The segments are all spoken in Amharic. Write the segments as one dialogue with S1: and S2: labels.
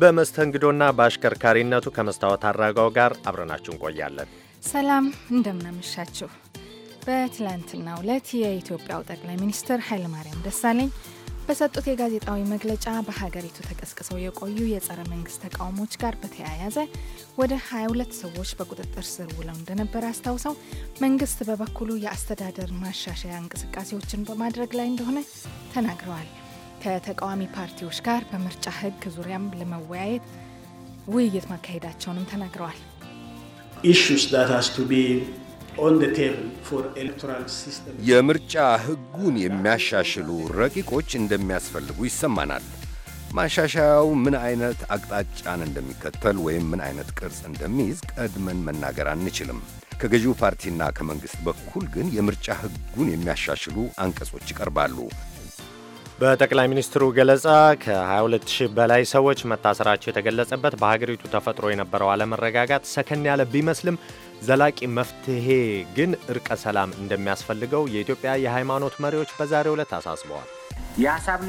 S1: በመስተንግዶና በአሽከርካሪነቱ ከመስታወት አራጋው ጋር አብረናችሁ እንቆያለን።
S2: ሰላም እንደምናመሻችሁ። በትላንትና ዕለት የኢትዮጵያው ጠቅላይ ሚኒስትር ኃይለማርያም ደሳለኝ በሰጡት የጋዜጣዊ መግለጫ በሀገሪቱ ተቀስቅሰው የቆዩ የጸረ መንግስት ተቃውሞች ጋር በተያያዘ ወደ 22 ሰዎች በቁጥጥር ስር ውለው እንደነበር አስታውሰው መንግስት በበኩሉ የአስተዳደር ማሻሻያ እንቅስቃሴዎችን በማድረግ ላይ እንደሆነ ተናግረዋል። ከተቃዋሚ ፓርቲዎች ጋር በምርጫ ህግ ዙሪያም ለመወያየት ውይይት ማካሄዳቸውንም ተናግረዋል።
S3: የምርጫ ህጉን የሚያሻሽሉ ረቂቆች እንደሚያስፈልጉ ይሰማናል። ማሻሻያው ምን አይነት አቅጣጫን እንደሚከተል ወይም ምን አይነት ቅርጽ እንደሚይዝ ቀድመን መናገር አንችልም። ከገዢው ፓርቲና ከመንግሥት በኩል ግን የምርጫ ህጉን የሚያሻሽሉ አንቀጾች ይቀርባሉ።
S1: በጠቅላይ ሚኒስትሩ ገለጻ ከ22 ሺህ በላይ ሰዎች መታሰራቸው የተገለጸበት በሀገሪቱ ተፈጥሮ የነበረው አለመረጋጋት ሰከን ያለ ቢመስልም ዘላቂ መፍትሄ ግን እርቀ ሰላም እንደሚያስፈልገው የኢትዮጵያ የሃይማኖት መሪዎች በዛሬው ዕለት አሳስበዋል።
S4: የሀሳብ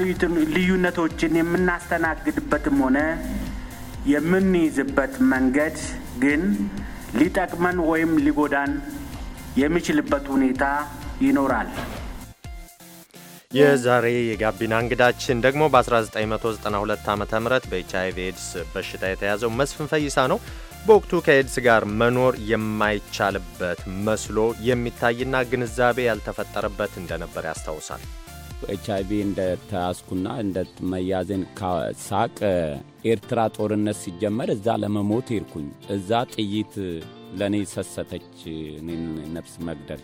S4: ልዩነቶችን የምናስተናግድበትም ሆነ የምንይዝበት መንገድ ግን ሊጠቅመን ወይም ሊጎዳን የሚችልበት ሁኔታ ይኖራል።
S5: የዛሬ
S1: የጋቢና እንግዳችን ደግሞ በ1992 ዓ ም በኤች ኤድስ በሽታ የተያዘው መስፍን ፈይሳ ነው። በወቅቱ ከኤድስ ጋር መኖር የማይቻልበት መስሎ የሚታይና ግንዛቤ ያልተፈጠረበት እንደነበር
S6: ያስታውሳል። ኤች አይቪ እንደተያዝኩና እንደመያዜን ሳቅ ኤርትራ ጦርነት ሲጀመር እዛ ለመሞት ሄድኩኝ። እዛ ጥይት ለእኔ ሰሰተች ነፍስ መግደል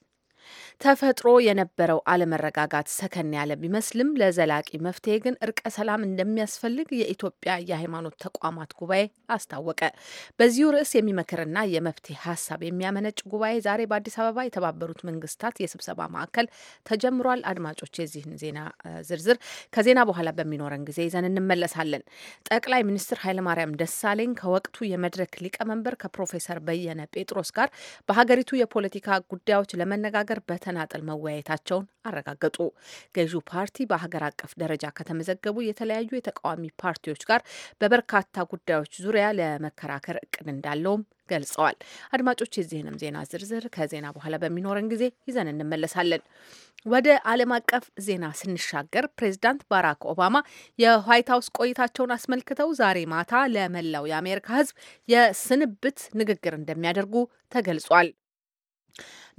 S7: ተፈጥሮ የነበረው አለመረጋጋት ሰከን ያለ ቢመስልም ለዘላቂ መፍትሄ ግን እርቀ ሰላም እንደሚያስፈልግ የኢትዮጵያ የሃይማኖት ተቋማት ጉባኤ አስታወቀ። በዚሁ ርዕስ የሚመክርና የመፍትሄ ሀሳብ የሚያመነጭ ጉባኤ ዛሬ በአዲስ አበባ የተባበሩት መንግስታት የስብሰባ ማዕከል ተጀምሯል። አድማጮች የዚህን ዜና ዝርዝር ከዜና በኋላ በሚኖረን ጊዜ ይዘን እንመለሳለን። ጠቅላይ ሚኒስትር ኃይለማርያም ደሳለኝ ከወቅቱ የመድረክ ሊቀመንበር ከፕሮፌሰር በየነ ጴጥሮስ ጋር በሀገሪቱ የፖለቲካ ጉዳዮች ለመነጋገር በ በተናጠል መወያየታቸውን አረጋገጡ። ገዢው ፓርቲ በሀገር አቀፍ ደረጃ ከተመዘገቡ የተለያዩ የተቃዋሚ ፓርቲዎች ጋር በበርካታ ጉዳዮች ዙሪያ ለመከራከር እቅድ እንዳለውም ገልጸዋል። አድማጮች፣ የዚህንም ዜና ዝርዝር ከዜና በኋላ በሚኖረን ጊዜ ይዘን እንመለሳለን። ወደ ዓለም አቀፍ ዜና ስንሻገር ፕሬዚዳንት ባራክ ኦባማ የዋይት ሀውስ ቆይታቸውን አስመልክተው ዛሬ ማታ ለመላው የአሜሪካ ሕዝብ የስንብት ንግግር እንደሚያደርጉ ተገልጿል።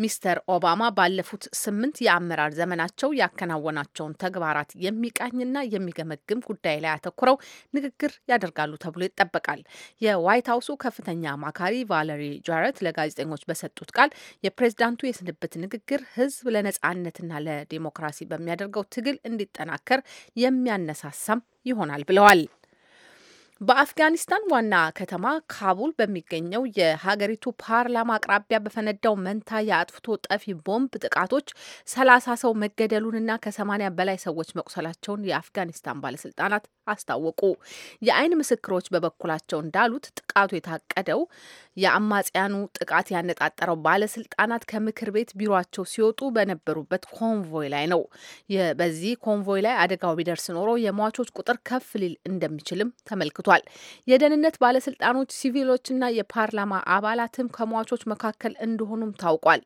S7: ሚስተር ኦባማ ባለፉት ስምንት የአመራር ዘመናቸው ያከናወናቸውን ተግባራት የሚቃኝና የሚገመግም ጉዳይ ላይ ያተኩረው ንግግር ያደርጋሉ ተብሎ ይጠበቃል። የዋይት ሀውሱ ከፍተኛ አማካሪ ቫለሪ ጃረት ለጋዜጠኞች በሰጡት ቃል የፕሬዝዳንቱ የስንብት ንግግር ህዝብ ለነጻነትና ለዲሞክራሲ በሚያደርገው ትግል እንዲጠናከር የሚያነሳሳም ይሆናል ብለዋል። በአፍጋኒስታን ዋና ከተማ ካቡል በሚገኘው የሀገሪቱ ፓርላማ አቅራቢያ በፈነዳው መንታ የአጥፍቶ ጠፊ ቦምብ ጥቃቶች ሰላሳ ሰው መገደሉንና ከሰማኒያ በላይ ሰዎች መቁሰላቸውን የአፍጋኒስታን ባለስልጣናት አስታወቁ። የአይን ምስክሮች በበኩላቸው እንዳሉት ጥቃቱ የታቀደው የአማጽያኑ ጥቃት ያነጣጠረው ባለስልጣናት ከምክር ቤት ቢሮቸው ሲወጡ በነበሩበት ኮንቮይ ላይ ነው። በዚህ ኮንቮይ ላይ አደጋው ቢደርስ ኖሮ የሟቾች ቁጥር ከፍ ሊል እንደሚችልም ተመልክቷል። የደህንነት ባለስልጣኖች ሲቪሎችና የፓርላማ አባላትም ከሟቾች መካከል እንደሆኑም ታውቋል።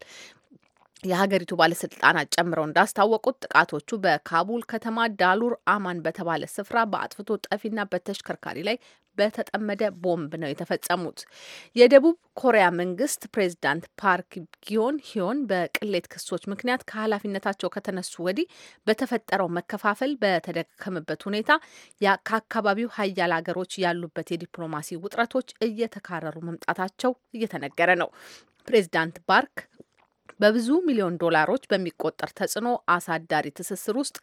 S7: የሀገሪቱ ባለስልጣናት ጨምረው እንዳስታወቁት ጥቃቶቹ በካቡል ከተማ ዳሉር አማን በተባለ ስፍራ በአጥፍቶ ጠፊና በተሽከርካሪ ላይ በተጠመደ ቦምብ ነው የተፈጸሙት። የደቡብ ኮሪያ መንግስት ፕሬዚዳንት ፓርክ ጊዮን ሂዮን በቅሌት ክሶች ምክንያት ከኃላፊነታቸው ከተነሱ ወዲህ በተፈጠረው መከፋፈል በተደከመበት ሁኔታ ከአካባቢው ሀያል ሀገሮች ያሉበት የዲፕሎማሲ ውጥረቶች እየተካረሩ መምጣታቸው እየተነገረ ነው። ፕሬዚዳንት ፓርክ በብዙ ሚሊዮን ዶላሮች በሚቆጠር ተጽዕኖ አሳዳሪ ትስስር ውስጥ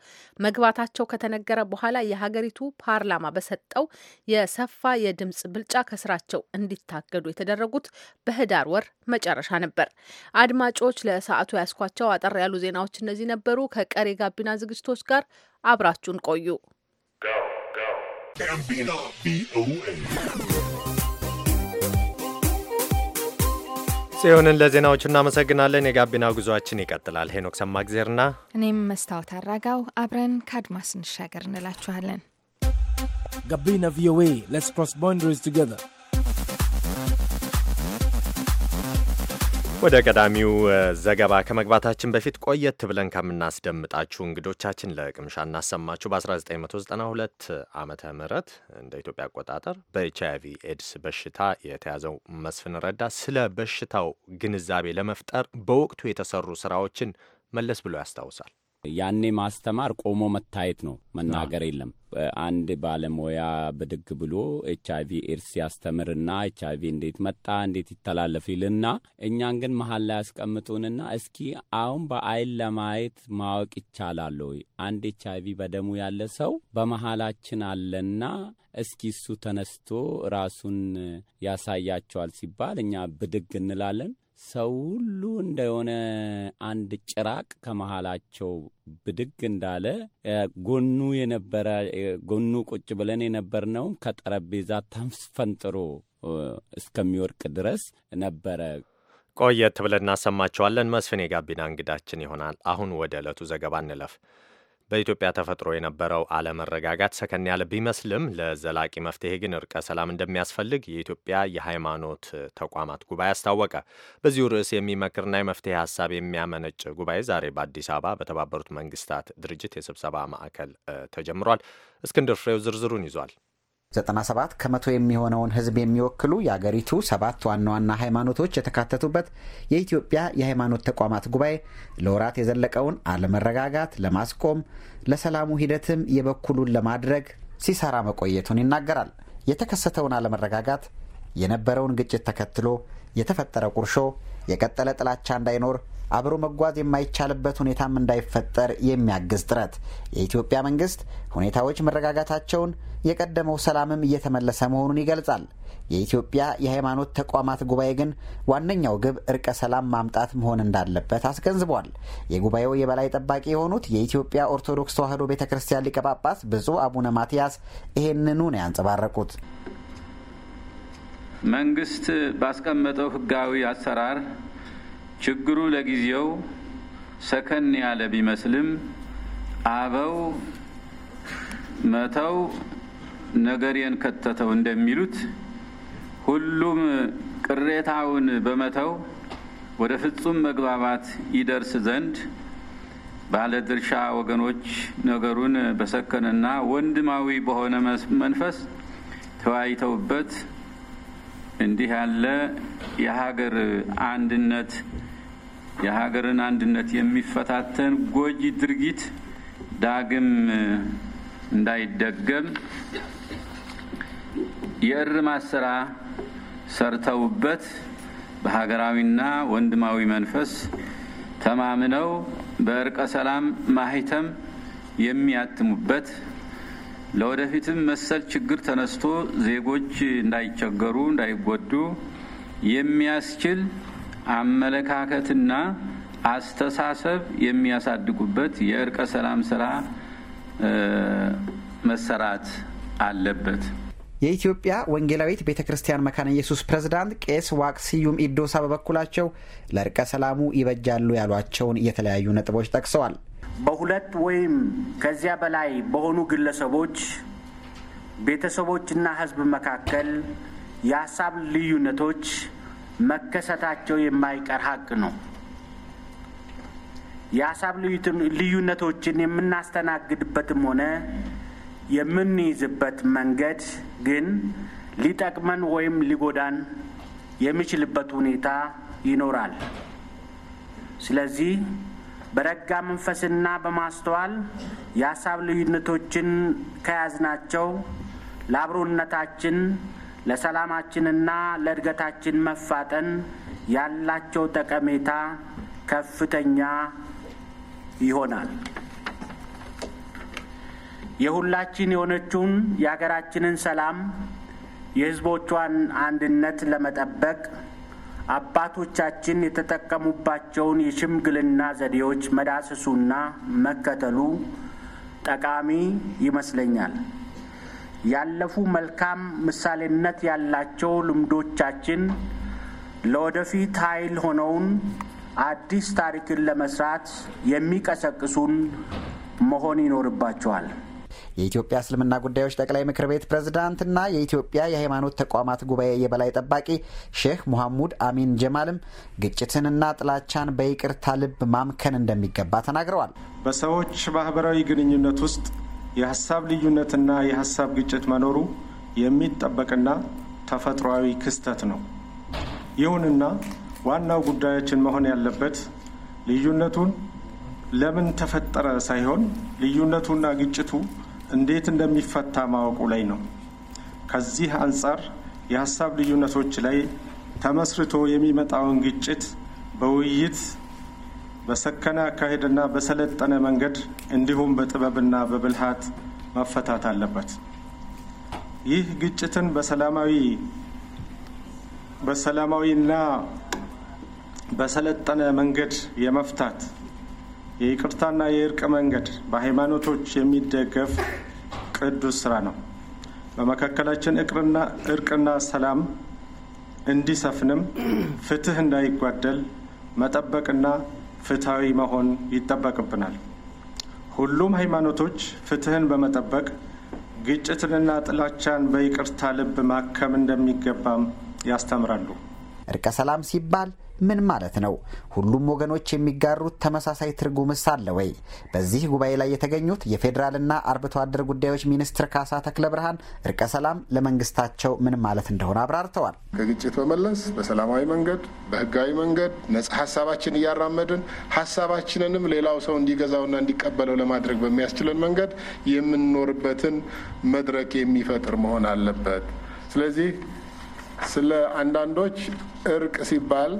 S7: መግባታቸው ከተነገረ በኋላ የሀገሪቱ ፓርላማ በሰጠው የሰፋ የድምፅ ብልጫ ከስራቸው እንዲታገዱ የተደረጉት በህዳር ወር መጨረሻ ነበር። አድማጮች፣ ለሰዓቱ ያስኳቸው አጠር ያሉ ዜናዎች እነዚህ ነበሩ። ከቀሪ ጋቢና ዝግጅቶች ጋር አብራችሁን ቆዩ።
S1: ጽዮንን ለዜናዎቹ እናመሰግናለን። የጋቢና ጉዟችን ይቀጥላል። ሄኖክ ሰማግዜርና
S3: እኔም
S2: መስታወት አራጋው አብረን ከአድማስ እንሻገር እንላችኋለን።
S5: ጋቢና ቪኦኤ ስ ፕሮስ ባውንደሪስ ቱገር
S1: ወደ ቀዳሚው ዘገባ ከመግባታችን በፊት ቆየት ብለን ከምናስደምጣችሁ እንግዶቻችን ለቅምሻ እናሰማችሁ። በ1992 ዓመተ ምህረት እንደ ኢትዮጵያ አቆጣጠር በኤች አይቪ ኤድስ በሽታ የተያዘው መስፍን ረዳ ስለ
S6: በሽታው ግንዛቤ ለመፍጠር በወቅቱ የተሰሩ ስራዎችን መለስ ብሎ ያስታውሳል። ያኔ ማስተማር ቆሞ መታየት ነው፣ መናገር የለም። አንድ ባለሙያ ብድግ ብሎ ኤች አይቪ ኤድስ ያስተምርና ኤች አይቪ እንዴት መጣ እንዴት ይተላለፍ ይልና እኛን ግን መሀል ላይ ያስቀምጡንና እስኪ አሁን በአይን ለማየት ማወቅ ይቻላል ወይ? አንድ ኤች አይቪ በደሙ ያለ ሰው በመሀላችን አለና እስኪ እሱ ተነስቶ ራሱን ያሳያቸዋል ሲባል እኛ ብድግ እንላለን። ሰው ሁሉ እንደሆነ አንድ ጭራቅ ከመሃላቸው ብድግ እንዳለ ጎኑ የነበረ ጎኑ ቁጭ ብለን የነበርነውም ከጠረጴዛ ተፈንጥሮ እስከሚወርቅ ድረስ ነበረ።
S1: ቆየት ብለን እናሰማቸዋለን። መስፍን የጋቢና እንግዳችን ይሆናል። አሁን ወደ ዕለቱ ዘገባ እንለፍ። በኢትዮጵያ ተፈጥሮ የነበረው አለመረጋጋት ሰከን ያለ ቢመስልም ለዘላቂ መፍትሄ ግን እርቀ ሰላም እንደሚያስፈልግ የኢትዮጵያ የሃይማኖት ተቋማት ጉባኤ አስታወቀ። በዚሁ ርዕስ የሚመክርና የመፍትሄ ሀሳብ የሚያመነጭ ጉባኤ ዛሬ በአዲስ አበባ በተባበሩት መንግስታት ድርጅት የስብሰባ ማዕከል ተጀምሯል። እስክንድር ፍሬው ዝርዝሩን ይዟል።
S8: 97 ከመቶ የሚሆነውን ህዝብ የሚወክሉ የአገሪቱ ሰባት ዋና ዋና ሃይማኖቶች የተካተቱበት የኢትዮጵያ የሃይማኖት ተቋማት ጉባኤ ለወራት የዘለቀውን አለመረጋጋት ለማስቆም ለሰላሙ ሂደትም የበኩሉን ለማድረግ ሲሰራ መቆየቱን ይናገራል። የተከሰተውን አለመረጋጋት፣ የነበረውን ግጭት ተከትሎ የተፈጠረ ቁርሾ፣ የቀጠለ ጥላቻ እንዳይኖር አብሮ መጓዝ የማይቻልበት ሁኔታም እንዳይፈጠር የሚያግዝ ጥረት የኢትዮጵያ መንግስት ሁኔታዎች መረጋጋታቸውን የቀደመው ሰላምም እየተመለሰ መሆኑን ይገልጻል። የኢትዮጵያ የሃይማኖት ተቋማት ጉባኤ ግን ዋነኛው ግብ እርቀ ሰላም ማምጣት መሆን እንዳለበት አስገንዝቧል። የጉባኤው የበላይ ጠባቂ የሆኑት የኢትዮጵያ ኦርቶዶክስ ተዋሕዶ ቤተ ክርስቲያን ሊቀ ጳጳስ ብፁዕ አቡነ ማትያስ ይህንኑ ነው ያንጸባረቁት።
S9: መንግስት ባስቀመጠው ህጋዊ አሰራር ችግሩ ለጊዜው ሰከን ያለ ቢመስልም አበው መተው ነገሬን ከተተው እንደሚሉት ሁሉም ቅሬታውን በመተው ወደ ፍጹም መግባባት ይደርስ ዘንድ ባለድርሻ ወገኖች ነገሩን በሰከነና ወንድማዊ በሆነ መንፈስ ተወያይተውበት እንዲህ ያለ የሀገር አንድነት የሀገርን አንድነት የሚፈታተን ጎጂ ድርጊት ዳግም እንዳይደገም የእርማት ስራ ሰርተውበት በሀገራዊና ወንድማዊ መንፈስ ተማምነው በእርቀ ሰላም ማህተም የሚያትሙበት ለወደፊትም መሰል ችግር ተነስቶ ዜጎች እንዳይቸገሩ፣ እንዳይጎዱ የሚያስችል አመለካከትና አስተሳሰብ የሚያሳድጉበት የእርቀ ሰላም ስራ መሰራት አለበት።
S8: የኢትዮጵያ ወንጌላዊት ቤተ ክርስቲያን መካነ ኢየሱስ ፕሬዝዳንት ቄስ ዋቅስዩም ኢዶሳ በበኩላቸው ለእርቀ ሰላሙ ይበጃሉ ያሏቸውን የተለያዩ ነጥቦች ጠቅሰዋል።
S4: በሁለት ወይም ከዚያ በላይ በሆኑ ግለሰቦች፣ ቤተሰቦችና ሕዝብ መካከል የሀሳብ ልዩነቶች መከሰታቸው የማይቀር ሀቅ ነው። የሀሳብ ልዩነቶችን የምናስተናግድበትም ሆነ የምንይዝበት መንገድ ግን ሊጠቅመን ወይም ሊጎዳን የሚችልበት ሁኔታ ይኖራል። ስለዚህ በረጋ መንፈስና በማስተዋል የሀሳብ ልዩነቶችን ከያዝናቸው ለአብሮነታችን ለሰላማችንና ለእድገታችን መፋጠን ያላቸው ጠቀሜታ ከፍተኛ ይሆናል። የሁላችን የሆነችውን የሀገራችንን ሰላም፣ የሕዝቦቿን አንድነት ለመጠበቅ አባቶቻችን የተጠቀሙባቸውን የሽምግልና ዘዴዎች መዳሰሱና መከተሉ ጠቃሚ ይመስለኛል። ያለፉ መልካም ምሳሌነት ያላቸው ልምዶቻችን ለወደፊት ኃይል ሆነውን አዲስ ታሪክን ለመስራት የሚቀሰቅሱን መሆን ይኖርባቸዋል።
S8: የኢትዮጵያ እስልምና ጉዳዮች ጠቅላይ ምክር ቤት ፕሬዝዳንትና የኢትዮጵያ የሃይማኖት ተቋማት ጉባኤ የበላይ ጠባቂ ሼህ ሙሐሙድ አሚን ጀማልም ግጭትንና ጥላቻን በይቅርታ ልብ ማምከን እንደሚገባ ተናግረዋል።
S5: በሰዎች ማህበራዊ ግንኙነት ውስጥ የሀሳብ ልዩነትና የሀሳብ ግጭት መኖሩ የሚጠበቅና ተፈጥሯዊ ክስተት ነው። ይሁንና ዋናው ጉዳያችን መሆን ያለበት ልዩነቱን ለምን ተፈጠረ ሳይሆን ልዩነቱና ግጭቱ እንዴት እንደሚፈታ ማወቁ ላይ ነው። ከዚህ አንጻር የሀሳብ ልዩነቶች ላይ ተመስርቶ የሚመጣውን ግጭት በውይይት በሰከነ አካሄድና በሰለጠነ መንገድ እንዲሁም በጥበብና በብልሃት መፈታት አለበት። ይህ ግጭትን በሰላማዊ በሰላማዊና በሰለጠነ መንገድ የመፍታት የይቅርታና የእርቅ መንገድ በሃይማኖቶች የሚደገፍ ቅዱስ ስራ ነው። በመካከላችን እርቅና ሰላም እንዲሰፍንም ፍትህ እንዳይጓደል መጠበቅና ፍትሐዊ መሆን ይጠበቅብናል። ሁሉም ሃይማኖቶች ፍትህን በመጠበቅ ግጭትንና ጥላቻን በይቅርታ ልብ ማከም እንደሚገባም ያስተምራሉ።
S8: እርቀ ሰላም ሲባል ምን ማለት ነው? ሁሉም ወገኖች የሚጋሩት ተመሳሳይ ትርጉምስ አለ ወይ? በዚህ ጉባኤ ላይ የተገኙት የፌዴራልና አርብቶ አደር ጉዳዮች ሚኒስትር ካሳ ተክለ ብርሃን እርቀ ሰላም ለመንግስታቸው ምን ማለት እንደሆነ አብራርተዋል።
S10: ከግጭት በመለስ በሰላማዊ መንገድ በህጋዊ መንገድ ነጻ ሀሳባችን እያራመድን ሀሳባችንንም ሌላው ሰው እንዲገዛውና እንዲቀበለው ለማድረግ በሚያስችለን መንገድ የምንኖርበትን መድረክ የሚፈጥር መሆን አለበት። ስለዚህ ስለ አንዳንዶች እርቅ ሲባል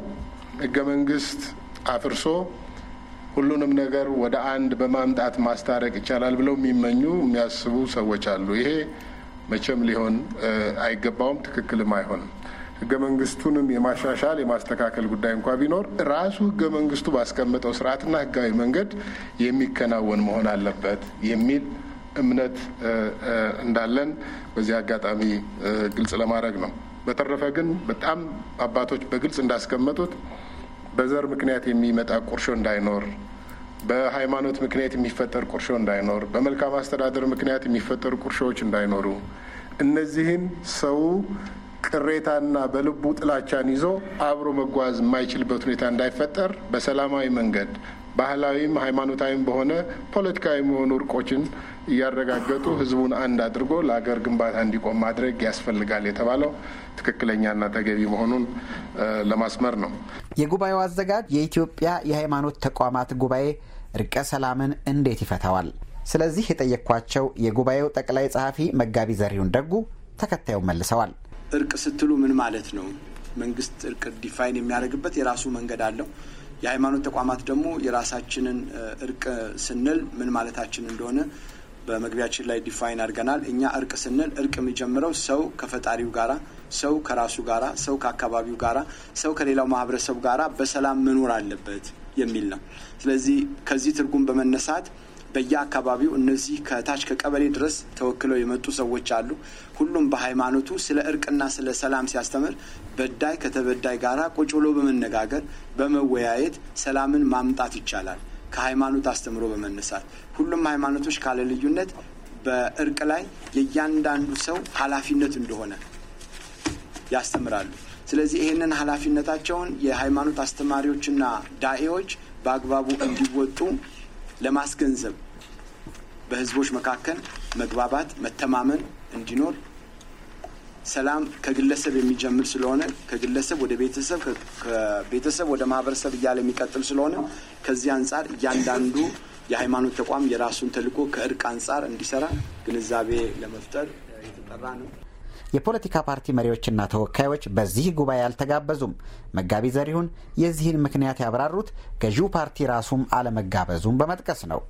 S10: ህገ መንግስት አፍርሶ ሁሉንም ነገር ወደ አንድ በማምጣት ማስታረቅ ይቻላል ብለው የሚመኙ የሚያስቡ ሰዎች አሉ። ይሄ መቼም ሊሆን አይገባውም፣ ትክክልም አይሆንም። ህገ መንግስቱንም የማሻሻል የማስተካከል ጉዳይ እንኳ ቢኖር ራሱ ህገ መንግስቱ ባስቀመጠው ስርዓትና ህጋዊ መንገድ የሚከናወን መሆን አለበት የሚል እምነት እንዳለን በዚህ አጋጣሚ ግልጽ ለማድረግ ነው። በተረፈ ግን በጣም አባቶች በግልጽ እንዳስቀመጡት በዘር ምክንያት የሚመጣ ቁርሾ እንዳይኖር፣ በሃይማኖት ምክንያት የሚፈጠር ቁርሾ እንዳይኖር፣ በመልካም አስተዳደር ምክንያት የሚፈጠሩ ቁርሾዎች እንዳይኖሩ እነዚህን ሰው ቅሬታና በልቡ ጥላቻን ይዞ አብሮ መጓዝ የማይችልበት ሁኔታ እንዳይፈጠር በሰላማዊ መንገድ ባህላዊም ሃይማኖታዊም በሆነ ፖለቲካዊ የሆኑ እርቆችን እያረጋገጡ ህዝቡን አንድ አድርጎ ለሀገር ግንባታ እንዲቆም ማድረግ ያስፈልጋል የተባለው ትክክለኛና ተገቢ መሆኑን ለማስመር ነው።
S8: የጉባኤው አዘጋጅ የኢትዮጵያ የሃይማኖት ተቋማት ጉባኤ እርቀ ሰላምን እንዴት ይፈታዋል? ስለዚህ የጠየቅኳቸው የጉባኤው ጠቅላይ ጸሐፊ መጋቢ ዘሪሁን ደጉ ተከታዩን መልሰዋል።
S11: እርቅ ስትሉ ምን ማለት ነው? መንግስት እርቅ ዲፋይን የሚያደርግበት የራሱ መንገድ አለው። የሃይማኖት ተቋማት ደግሞ የራሳችንን እርቅ ስንል ምን ማለታችን እንደሆነ በመግቢያችን ላይ ዲፋይን አድርገናል። እኛ እርቅ ስንል እርቅ የሚጀምረው ሰው ከፈጣሪው ጋራ፣ ሰው ከራሱ ጋራ፣ ሰው ከአካባቢው ጋራ፣ ሰው ከሌላው ማህበረሰቡ ጋራ በሰላም መኖር አለበት የሚል ነው። ስለዚህ ከዚህ ትርጉም በመነሳት በየአካባቢው እነዚህ ከታች ከቀበሌ ድረስ ተወክለው የመጡ ሰዎች አሉ። ሁሉም በሃይማኖቱ ስለ እርቅና ስለ ሰላም ሲያስተምር በዳይ ከተበዳይ ጋራ ቁጭ ብሎ በመነጋገር በመወያየት ሰላምን ማምጣት ይቻላል። ከሃይማኖት አስተምሮ በመነሳት ሁሉም ሃይማኖቶች ካለ ልዩነት በእርቅ ላይ የእያንዳንዱ ሰው ኃላፊነት እንደሆነ ያስተምራሉ። ስለዚህ ይህንን ኃላፊነታቸውን የሃይማኖት አስተማሪዎችና ዳኤዎች በአግባቡ እንዲወጡ ለማስገንዘብ በህዝቦች መካከል መግባባት፣ መተማመን እንዲኖር ሰላም ከግለሰብ የሚጀምር ስለሆነ ከግለሰብ ወደ ቤተሰብ ከቤተሰብ ወደ ማህበረሰብ እያለ የሚቀጥል ስለሆነ ከዚህ አንጻር እያንዳንዱ የሃይማኖት ተቋም የራሱን ተልዕኮ ከእርቅ አንጻር እንዲሰራ ግንዛቤ ለመፍጠር የተጠራ ነው።
S8: የፖለቲካ ፓርቲ መሪዎችና ተወካዮች በዚህ ጉባኤ አልተጋበዙም። መጋቢ ዘሪሁን የዚህን ምክንያት ያብራሩት ገዢው ፓርቲ ራሱም አለመጋበዙም በመጥቀስ ነው።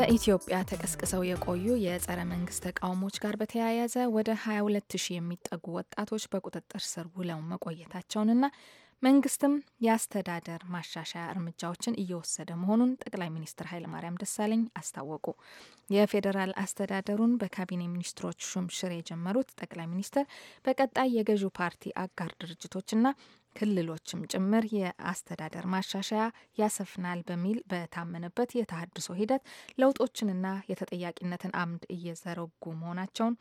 S2: በኢትዮጵያ ተቀስቅሰው የቆዩ የጸረ መንግስት ተቃውሞዎች ጋር በተያያዘ ወደ 22 ሺህ የሚጠጉ ወጣቶች በቁጥጥር ስር ውለው መቆየታቸውንና መንግስትም የአስተዳደር ማሻሻያ እርምጃዎችን እየወሰደ መሆኑን ጠቅላይ ሚኒስትር ኃይለማርያም ደሳለኝ አስታወቁ። የፌዴራል አስተዳደሩን በካቢኔ ሚኒስትሮች ሹምሽር የጀመሩት ጠቅላይ ሚኒስትር በቀጣይ የገዢው ፓርቲ አጋር ድርጅቶችና ክልሎችም ጭምር የአስተዳደር ማሻሻያ ያሰፍናል በሚል በታመነበት የተሃድሶ ሂደት ለውጦችንና የተጠያቂነትን አምድ እየዘረጉ መሆናቸውን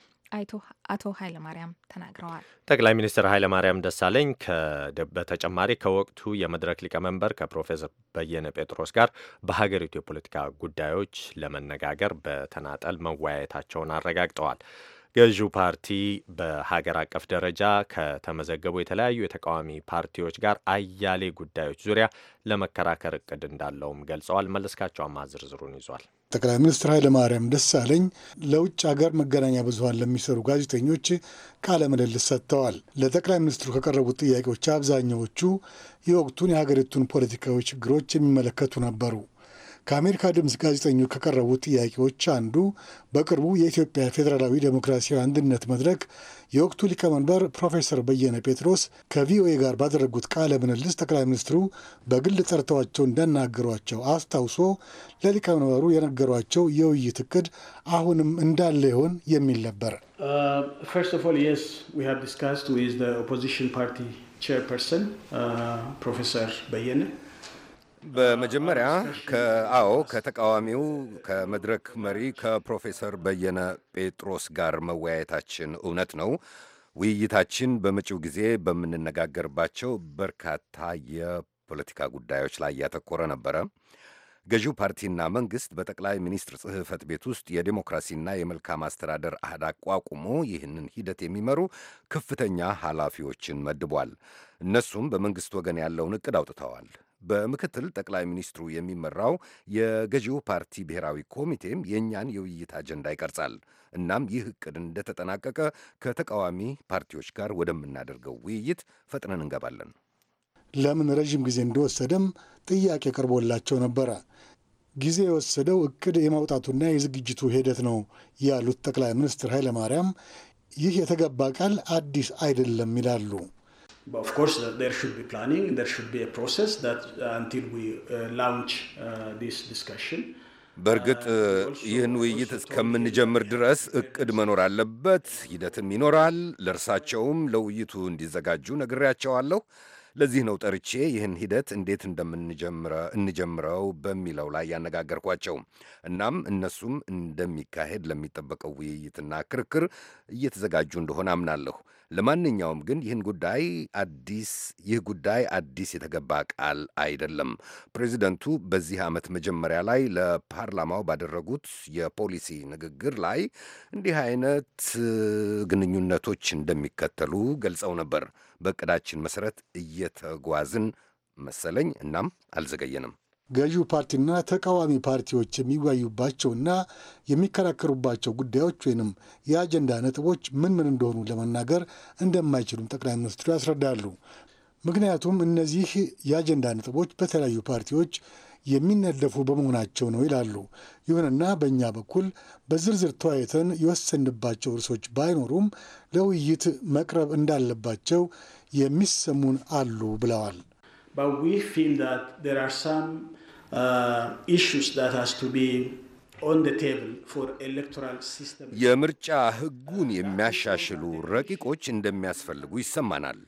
S2: አቶ ኃይለማርያም ተናግረዋል።
S1: ጠቅላይ ሚኒስትር ኃይለማርያም ደሳለኝ በተጨማሪ ከወቅቱ የመድረክ ሊቀመንበር ከፕሮፌሰር በየነ ጴጥሮስ ጋር በሀገሪቱ የፖለቲካ ጉዳዮች ለመነጋገር በተናጠል መወያየታቸውን አረጋግጠዋል። ገዢው ፓርቲ በሀገር አቀፍ ደረጃ ከተመዘገቡ የተለያዩ የተቃዋሚ ፓርቲዎች ጋር አያሌ ጉዳዮች ዙሪያ ለመከራከር እቅድ እንዳለውም ገልጸዋል። መለስካቸውማ ዝርዝሩን ይዟል።
S12: ጠቅላይ ሚኒስትር ኃይለማርያም ደሳለኝ ለውጭ ሀገር መገናኛ ብዙኃን ለሚሰሩ ጋዜጠኞች ቃለ ምልልስ ሰጥተዋል። ለጠቅላይ ሚኒስትሩ ከቀረቡት ጥያቄዎች አብዛኛዎቹ የወቅቱን የሀገሪቱን ፖለቲካዊ ችግሮች የሚመለከቱ ነበሩ። ከአሜሪካ ድምፅ ጋዜጠኞች ከቀረቡት ጥያቄዎች አንዱ በቅርቡ የኢትዮጵያ ፌዴራላዊ ዴሞክራሲያዊ አንድነት መድረክ የወቅቱ ሊቀመንበር ፕሮፌሰር በየነ ጴጥሮስ ከቪኦኤ ጋር ባደረጉት ቃለ ምልልስ ጠቅላይ ሚኒስትሩ በግል ጠርተዋቸው እንዳናገሯቸው አስታውሶ ለሊቀመንበሩ የነገሯቸው የውይይት እቅድ አሁንም እንዳለ ይሆን የሚል ነበር።
S11: ፓርቲ ፕሮፌሰር
S3: በየነ በመጀመሪያ ከአዎ ከተቃዋሚው ከመድረክ መሪ ከፕሮፌሰር በየነ ጴጥሮስ ጋር መወያየታችን እውነት ነው። ውይይታችን በመጪው ጊዜ በምንነጋገርባቸው በርካታ የፖለቲካ ጉዳዮች ላይ ያተኮረ ነበረ። ገዢው ፓርቲና መንግሥት በጠቅላይ ሚኒስትር ጽሕፈት ቤት ውስጥ የዴሞክራሲና የመልካም አስተዳደር አህድ አቋቁሞ ይህንን ሂደት የሚመሩ ከፍተኛ ኃላፊዎችን መድቧል። እነሱም በመንግሥት ወገን ያለውን ዕቅድ አውጥተዋል። በምክትል ጠቅላይ ሚኒስትሩ የሚመራው የገዢው ፓርቲ ብሔራዊ ኮሚቴም የእኛን የውይይት አጀንዳ ይቀርጻል። እናም ይህ እቅድ እንደተጠናቀቀ ከተቃዋሚ ፓርቲዎች ጋር ወደምናደርገው ውይይት ፈጥነን እንገባለን።
S12: ለምን ረዥም ጊዜ እንደወሰደም ጥያቄ ቀርቦላቸው ነበረ። ጊዜ የወሰደው እቅድ የማውጣቱና የዝግጅቱ ሂደት ነው ያሉት ጠቅላይ ሚኒስትር ኃይለማርያም ይህ የተገባ ቃል አዲስ አይደለም ይላሉ።
S11: But of course, there should be planning, there should be a process that uh, until we uh, launch uh, this discussion.
S3: በእርግጥ ይህን ውይይት እስከምንጀምር ድረስ እቅድ መኖር አለበት፣ ሂደትም ይኖራል። ለእርሳቸውም ለውይይቱ እንዲዘጋጁ ነግሬያቸዋለሁ። ለዚህ ነው ጠርቼ ይህን ሂደት እንዴት እንደምንጀምረው በሚለው ላይ ያነጋገርኳቸው። እናም እነሱም እንደሚካሄድ ለሚጠበቀው ውይይትና ክርክር እየተዘጋጁ እንደሆነ አምናለሁ። ለማንኛውም ግን ይህን ጉዳይ አዲስ ይህ ጉዳይ አዲስ የተገባ ቃል አይደለም። ፕሬዚደንቱ በዚህ ዓመት መጀመሪያ ላይ ለፓርላማው ባደረጉት የፖሊሲ ንግግር ላይ እንዲህ አይነት ግንኙነቶች እንደሚከተሉ ገልጸው ነበር። በእቅዳችን መሰረት እየተጓዝን መሰለኝ። እናም አልዘገየንም።
S12: ገዢው ፓርቲና ተቃዋሚ ፓርቲዎች የሚወያዩባቸውና የሚከራከሩባቸው ጉዳዮች ወይንም የአጀንዳ ነጥቦች ምን ምን እንደሆኑ ለመናገር እንደማይችሉም ጠቅላይ ሚኒስትሩ ያስረዳሉ። ምክንያቱም እነዚህ የአጀንዳ ነጥቦች በተለያዩ ፓርቲዎች የሚነደፉ በመሆናቸው ነው ይላሉ። ይሁንና በእኛ በኩል በዝርዝር ተወያይተን የወሰንባቸው እርሶች ባይኖሩም ለውይይት መቅረብ እንዳለባቸው የሚሰሙን አሉ ብለዋል።
S11: But we feel that there are some Uh, issues that has to be
S3: የምርጫ ህጉን የሚያሻሽሉ ረቂቆች እንደሚያስፈልጉ ይሰማናል።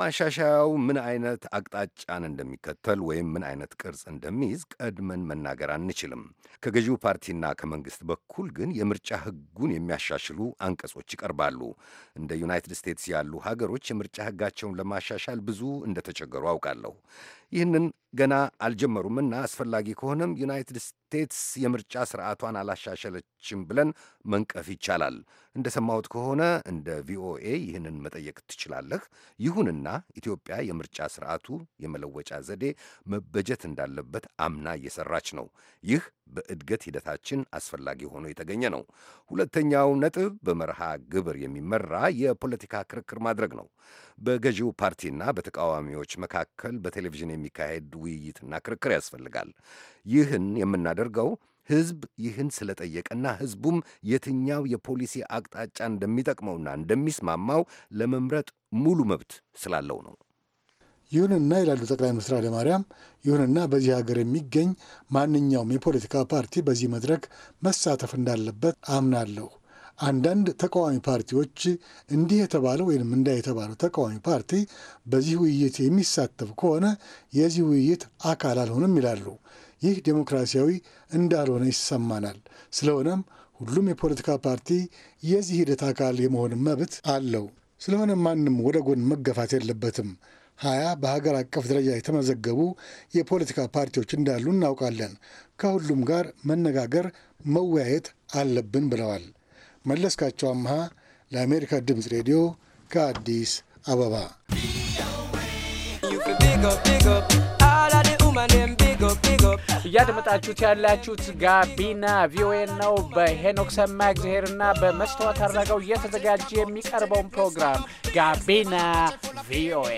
S3: ማሻሻያው ምን አይነት አቅጣጫን እንደሚከተል ወይም ምን አይነት ቅርጽ እንደሚይዝ ቀድመን መናገር አንችልም። ከገዢው ፓርቲና ከመንግሥት በኩል ግን የምርጫ ሕጉን የሚያሻሽሉ አንቀጾች ይቀርባሉ። እንደ ዩናይትድ ስቴትስ ያሉ ሀገሮች የምርጫ ሕጋቸውን ለማሻሻል ብዙ እንደተቸገሩ አውቃለሁ። ይህንን ገና አልጀመሩምና አስፈላጊ ከሆነም ዩናይትድ ስቴትስ የምርጫ ስርዓቷን አላሻሸለችም ብለን መንቀፍ ይቻላል። ሰማሁት ከሆነ እንደ ቪኦኤ ይህንን መጠየቅ ትችላለህ። ይሁንና እና ኢትዮጵያ የምርጫ ስርዓቱ የመለወጫ ዘዴ መበጀት እንዳለበት አምና እየሰራች ነው። ይህ በእድገት ሂደታችን አስፈላጊ ሆኖ የተገኘ ነው። ሁለተኛው ነጥብ በመርሃ ግብር የሚመራ የፖለቲካ ክርክር ማድረግ ነው። በገዢው ፓርቲና በተቃዋሚዎች መካከል በቴሌቪዥን የሚካሄድ ውይይትና ክርክር ያስፈልጋል። ይህን የምናደርገው ህዝብ ይህን ስለጠየቀና ህዝቡም የትኛው የፖሊሲ አቅጣጫ እንደሚጠቅመውና እንደሚስማማው ለመምረጥ ሙሉ መብት ስላለው ነው።
S12: ይሁንና ይላሉ ጠቅላይ ሚኒስትር ኃይለማርያም፣ ይሁንና በዚህ ሀገር የሚገኝ ማንኛውም የፖለቲካ ፓርቲ በዚህ መድረክ መሳተፍ እንዳለበት አምናለሁ። አንዳንድ ተቃዋሚ ፓርቲዎች እንዲህ የተባለው ወይም እንዳ የተባለው ተቃዋሚ ፓርቲ በዚህ ውይይት የሚሳተፍ ከሆነ የዚህ ውይይት አካል አልሆንም ይላሉ። ይህ ዴሞክራሲያዊ እንዳልሆነ ይሰማናል። ስለሆነም ሁሉም የፖለቲካ ፓርቲ የዚህ ሂደት አካል የመሆን መብት አለው። ስለሆነ ማንም ወደ ጎን መገፋት የለበትም። ሀያ በሀገር አቀፍ ደረጃ የተመዘገቡ የፖለቲካ ፓርቲዎች እንዳሉ እናውቃለን። ከሁሉም ጋር መነጋገር፣ መወያየት አለብን ብለዋል። መለስካቸው አምሃ ለአሜሪካ ድምፅ ሬዲዮ ከአዲስ አበባ
S4: እያደመጣችሁት ያላችሁት ጋቢና ቪኦኤ ነው። በሄኖክ ሰማ እግዚአብሔርና በመስተዋት አድረገው እየተዘጋጀ የሚቀርበውን ፕሮግራም ጋቢና
S13: ቪኦኤ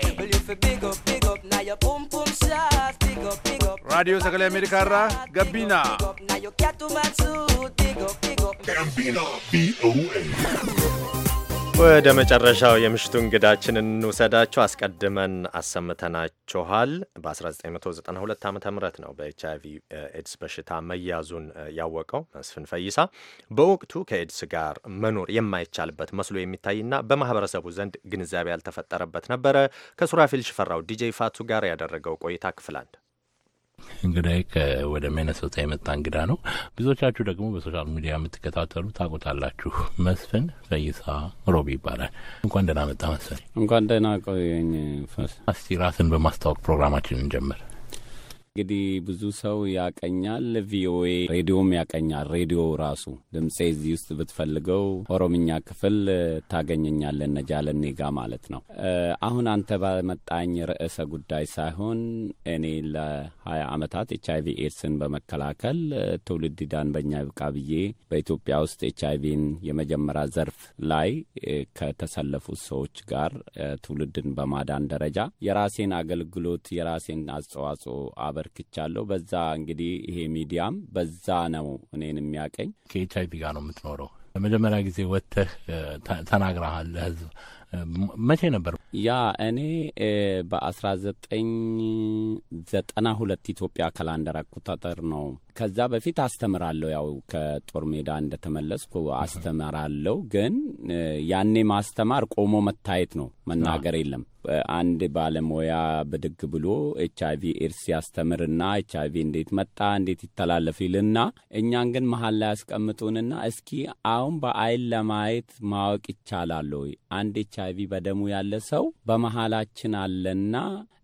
S13: ራዲዮ አሜሪካ ራ ጋቢና
S3: ጋቢና ቪኦኤ
S1: ወደ መጨረሻው የምሽቱ እንግዳችን እንውሰዳችሁ። አስቀድመን አሰምተናችኋል። በ1992 ዓ ም ነው በኤች አይቪ ኤድስ በሽታ መያዙን ያወቀው መስፍን ፈይሳ። በወቅቱ ከኤድስ ጋር መኖር የማይቻልበት መስሎ የሚታይና በማህበረሰቡ ዘንድ ግንዛቤ ያልተፈጠረበት ነበረ። ከሱራፊል ሽፈራው ዲጄ ፋቱ ጋር ያደረገው ቆይታ
S6: ክፍል አንድ እንግዲህ ወደ ሜነሶታ የመጣ እንግዳ ነው። ብዙዎቻችሁ ደግሞ በሶሻል ሚዲያ የምትከታተሉ ታውቁታላችሁ። መስፍን ፈይሳ ሮቢ ይባላል። እንኳን ደህና መጣ መስፍን። እንኳን ደህና ቆየኝ። እስቲ ራስን በማስታወቅ ፕሮግራማችን እንጀምር። እንግዲህ ብዙ ሰው ያቀኛል፣ ቪኦኤ ሬዲዮም ያቀኛል። ሬዲዮ ራሱ ድምፄ እዚህ ውስጥ ብትፈልገው ኦሮምኛ ክፍል ታገኘኛለህ ነጃለን ጋ ማለት ነው። አሁን አንተ ባመጣኝ ርዕሰ ጉዳይ ሳይሆን እኔ ለሀያ ዓመታት ኤች አይቪ ኤድስን በመከላከል ትውልድ ዳንበኛ ይብቃ ብዬ በኢትዮጵያ ውስጥ ኤች አይቪን የመጀመሪያ ዘርፍ ላይ ከተሰለፉት ሰዎች ጋር ትውልድን በማዳን ደረጃ የራሴን አገልግሎት የራሴን አስተዋጽኦ አበ አበርክቻለሁ። በዛ እንግዲህ ይሄ ሚዲያም በዛ ነው እኔን የሚያቀኝ። ከኤች አይቪ ጋር ነው የምትኖረው። ለመጀመሪያ ጊዜ ወጥተህ ተናግረሃል ለህዝብ መቼ ነበር? ያ እኔ በአስራ ዘጠኝ ዘጠና ሁለት ኢትዮጵያ ካላንደር አቆጣጠር ነው ከዛ በፊት አስተምራለሁ። ያው ከጦር ሜዳ እንደተመለስኩ አስተምራለሁ። ግን ያኔ ማስተማር ቆሞ መታየት ነው፣ መናገር የለም። አንድ ባለሙያ ብድግ ብሎ ኤች አይቪ ኤድስ ያስተምርና ኤች አይቪ እንዴት መጣ እንዴት ይተላለፍ ይልና እኛን ግን መሀል ላይ ያስቀምጡንና እስኪ አሁን በአይን ለማየት ማወቅ ይቻላል ወይ አንድ ኤች አይቪ በደሙ ያለ ሰው በመሃላችን አለና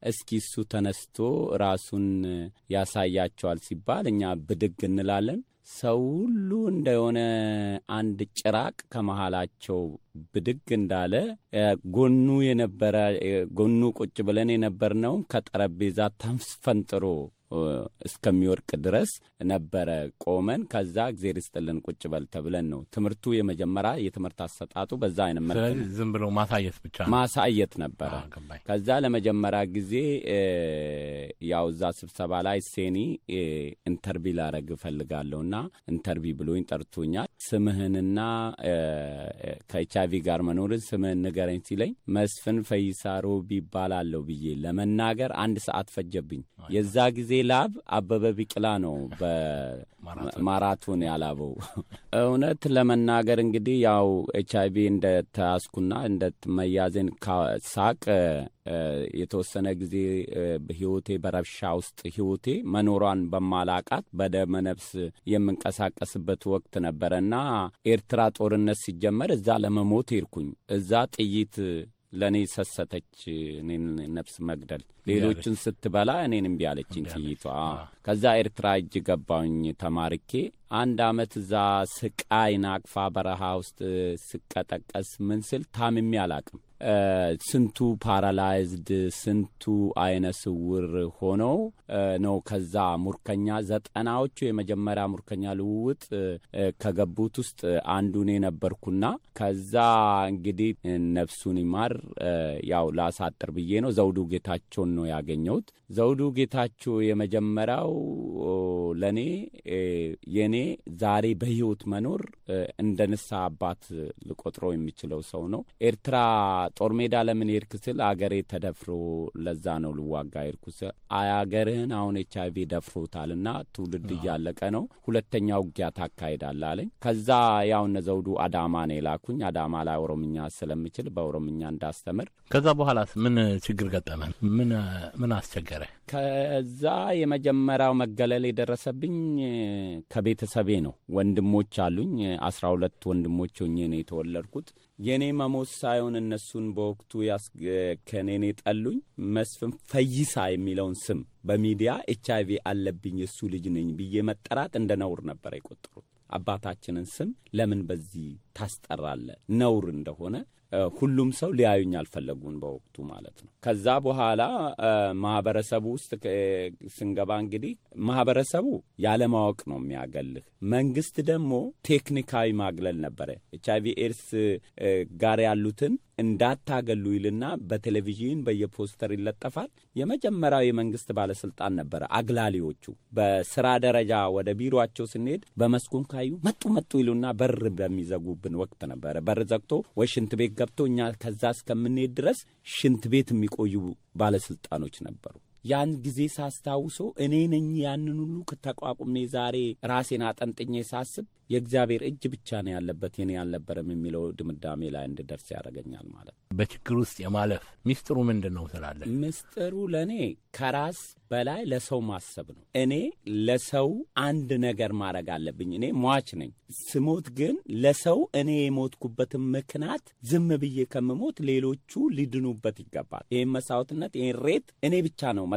S6: እስኪ እሱ ተነስቶ ራሱን ያሳያቸዋል ሲባል እኛ ብድግ እንላለን። ሰው ሁሉ እንደሆነ አንድ ጭራቅ ከመሃላቸው ብድግ እንዳለ ጎኑ የነበረ ጎኑ ቁጭ ብለን የነበርነውም ከጠረጴዛ ተንፈንጥሮ እስከሚወርቅ ድረስ ነበረ ቆመን። ከዛ እግዜር ይስጥልን ቁጭ በል ተብለን ነው ትምህርቱ የመጀመሪያ የትምህርት አሰጣጡ በዛ አይነት መልክ ዝም ብሎ ማሳየት ብቻ ማሳየት ነበረ። ከዛ ለመጀመሪያ ጊዜ ያው እዛ ስብሰባ ላይ ሴኒ ኢንተርቪ ላረግ እፈልጋለሁና ኢንተርቪ ብሎኝ ጠርቶኛል። ስምህንና ከኤች አይቪ ጋር መኖርን ስምህን ንገረኝ ሲለኝ መስፍን ፈይሳ ሮቢ ይባላለሁ ብዬ ለመናገር አንድ ሰዓት ፈጀብኝ የዛ ጊዜ ላብ አበበ ቢቅላ ነው በማራቶን ያላበው። እውነት ለመናገር እንግዲህ ያው ኤች አይ ቪ እንደተያዝኩና እንደመያዜን ሳቅ የተወሰነ ጊዜ ህይወቴ በረብሻ ውስጥ ህይወቴ መኖሯን በማላቃት በደመነፍስ የምንቀሳቀስበት ወቅት ነበረና ኤርትራ ጦርነት ሲጀመር እዛ ለመሞት ሄድኩኝ። እዛ ጥይት ለእኔ ሰሰተች፣ እኔን ነፍስ መግደል ሌሎችን ስትበላ እኔን እምቢ አለችኝ ትይቷ። ከዛ ኤርትራ እጅ ገባውኝ ተማርኬ አንድ አመት እዛ ስቃይ ናቅፋ በረሃ ውስጥ ስቀጠቀስ ምን ስል ታምሜ አላቅም። ስንቱ ፓራላይዝድ ስንቱ አይነ ስውር ሆኖ ነው ከዛ ሙርከኛ ዘጠናዎቹ የመጀመሪያ ሙርከኛ ልውውጥ ከገቡት ውስጥ አንዱ እኔ ነበርኩና ከዛ እንግዲህ ነፍሱን ይማር ያው ላሳጥር ብዬ ነው ዘውዱ ጌታቸውን ነው ያገኘሁት። ዘውዱ ጌታቸው የመጀመሪያው ለእኔ የእኔ ዛሬ በህይወት መኖር እንደ ንስሐ አባት ልቆጥሮ የሚችለው ሰው ነው። ኤርትራ ጦር ሜዳ ለምን ሄድክ ስል አገሬ ተደፍሮ ለዛ ነው ልዋጋ ሄድኩ ስል አገርህን አሁን ኤች አይቪ ደፍሮታልና ትውልድ እያለቀ ነው፣ ሁለተኛ ውጊያ ታካሄዳለ አለኝ። ከዛ ያው እነ ዘውዱ አዳማ ነው የላኩኝ። አዳማ ላይ ኦሮምኛ ስለምችል በኦሮምኛ እንዳስተምር። ከዛ በኋላ ምን ችግር ገጠመን? ምን ምን አስቸገረ? ከዛ የመጀመሪያው መገለል የደረሰብኝ ከቤተሰቤ ነው። ወንድሞች አሉኝ። አስራ ሁለት ወንድሞች ሆኜ ነው የተወለድኩት። የእኔ መሞት ሳይሆን እነሱን በወቅቱ ከኔኔ ጠሉኝ። መስፍን ፈይሳ የሚለውን ስም በሚዲያ ኤች አይቪ አለብኝ እሱ ልጅ ነኝ ብዬ መጠራት እንደ ነውር ነበር የቆጠሩት። አባታችንን ስም ለምን በዚህ ታስጠራለ? ነውር እንደሆነ ሁሉም ሰው ሊያዩኝ አልፈለጉን በወቅቱ ማለት ነው። ከዛ በኋላ ማህበረሰቡ ውስጥ ስንገባ እንግዲህ ማህበረሰቡ ያለማወቅ ነው የሚያገልህ። መንግስት ደግሞ ቴክኒካዊ ማግለል ነበረ። ኤች አይቪ ኤድስ ጋር ያሉትን እንዳታገሉ ይልና በቴሌቪዥን በየፖስተር ይለጠፋል። የመጀመሪያው የመንግስት ባለስልጣን ነበረ። አግላሊዎቹ በስራ ደረጃ ወደ ቢሮቸው ስንሄድ በመስኩን ካዩ መጡ መጡ ይሉና በር በሚዘጉብን ወቅት ነበረ። በር ዘግቶ ወይ ሽንት ቤት ገብቶ እኛ ከዛ እስከምንሄድ ድረስ ሽንት ቤት የሚቆዩ ባለስልጣኖች ነበሩ። ያን ጊዜ ሳስታውሶ እኔ ነኝ ያንን ሁሉ ተቋቁሜ ዛሬ ራሴን አጠንጥኜ ሳስብ የእግዚአብሔር እጅ ብቻ ነው ያለበት የኔ አልነበረም የሚለው ድምዳሜ ላይ እንድደርስ ያደርገኛል። ማለት በችግር ውስጥ የማለፍ ሚስጥሩ ምንድን ነው ስላለ ምስጢሩ ለእኔ ከራስ በላይ ለሰው ማሰብ ነው። እኔ ለሰው አንድ ነገር ማድረግ አለብኝ። እኔ ሟች ነኝ። ስሞት ግን ለሰው እኔ የሞትኩበትን ምክንያት ዝም ብዬ ከምሞት ሌሎቹ ሊድኑበት ይገባል። ይህን መሥዋዕትነት፣ ይህን ሬት እኔ ብቻ ነው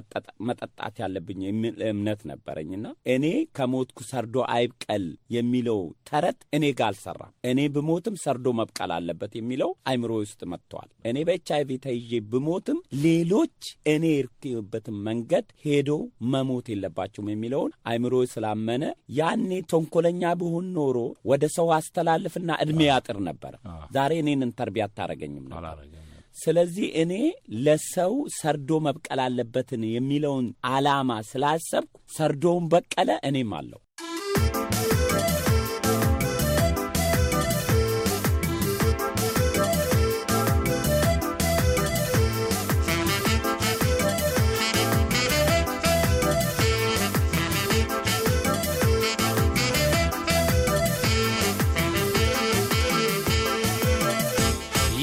S6: መጠጣት ያለብኝ የሚል እምነት ነበረኝና እኔ ከሞትኩ ሰርዶ አይብቀል የሚለው ተረት እኔ ጋር አልሰራም። እኔ ብሞትም ሰርዶ መብቀል አለበት የሚለው አይምሮ ውስጥ መጥተዋል። እኔ በኤች አይ ተይዤ ብሞትም ሌሎች እኔ የርክበትን መንገድ ሄዶ መሞት የለባቸውም የሚለውን አይምሮ ስላመነ ያኔ ተንኮለኛ ብሆን ኖሮ ወደ ሰው አስተላልፍና እድሜ ያጥር ነበር። ዛሬ እኔን እንተርቢ አታረገኝም ነበር። ስለዚህ እኔ ለሰው ሰርዶ መብቀል አለበትን የሚለውን አላማ ስላሰብኩ ሰርዶውን በቀለ እኔም አለው።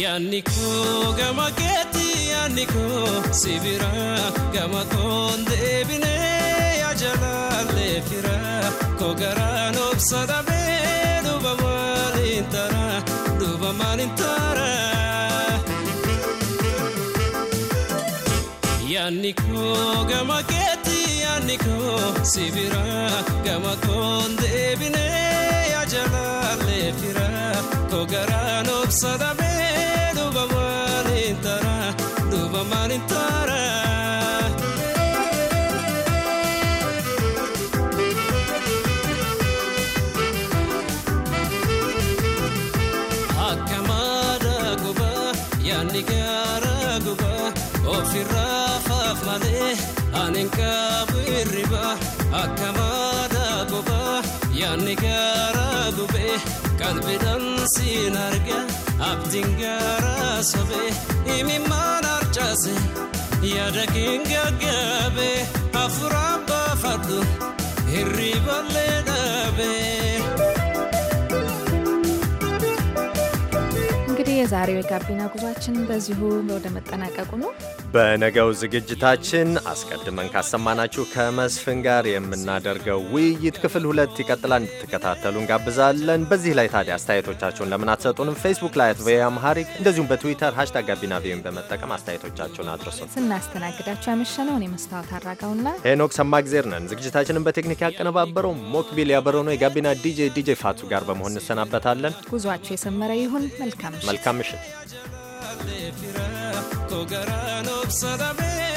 S13: Yaanni koo gama geeti yaanni koo si gama koon deebinee yajalaalee firaa koo nuuf obsadhamee dhuba maaliin taraa dhuba maaliin taraa. Yaanni koo gama geeti yaanni koo si gama koon deebinee yajalaalee firaa koo nuuf obsadhamee. amar entera. Akka maada gubaa yaadni gaara gubaa ofirraa faaf malee ani qabu hirribaa akka maada gubaa yaadni gaara gubee qalbiidhaan siin argaa. abdingara sabe imiman arcase yada kinga gabe afraba fadu hirriba ledabe
S2: እንግዲህ የዛሬው የጋቢና ጉዟችን በዚሁ ወደ መጠናቀቁ ነው።
S1: በነገው ዝግጅታችን አስቀድመን ካሰማናችሁ ከመስፍን ጋር የምናደርገው ውይይት ክፍል ሁለት ይቀጥላል። እንድትከታተሉ እንጋብዛለን። በዚህ ላይ ታዲያ አስተያየቶቻችሁን ለምን አትሰጡንም? ፌስቡክ ላይ ቪ አምሃሪክ እንደዚሁም በትዊተር ሀሽታግ ጋቢና ቪን በመጠቀም አስተያየቶቻችሁን አድርሱ።
S2: ስናስተናግዳችሁ ያመሸነውን የመስታወት አድራጋውና
S1: ሄኖክ ጊዜር ነን። ዝግጅታችንን በቴክኒክ ያቀነባበረው ሞክቢል ያበረው ነው። የጋቢና ዲጄ ዲጄ ፋቱ ጋር በመሆን እንሰናበታለን።
S2: ጉዟችሁ የሰመረ ይሁን። መልካም
S1: ምሽት።
S13: Togara no psadame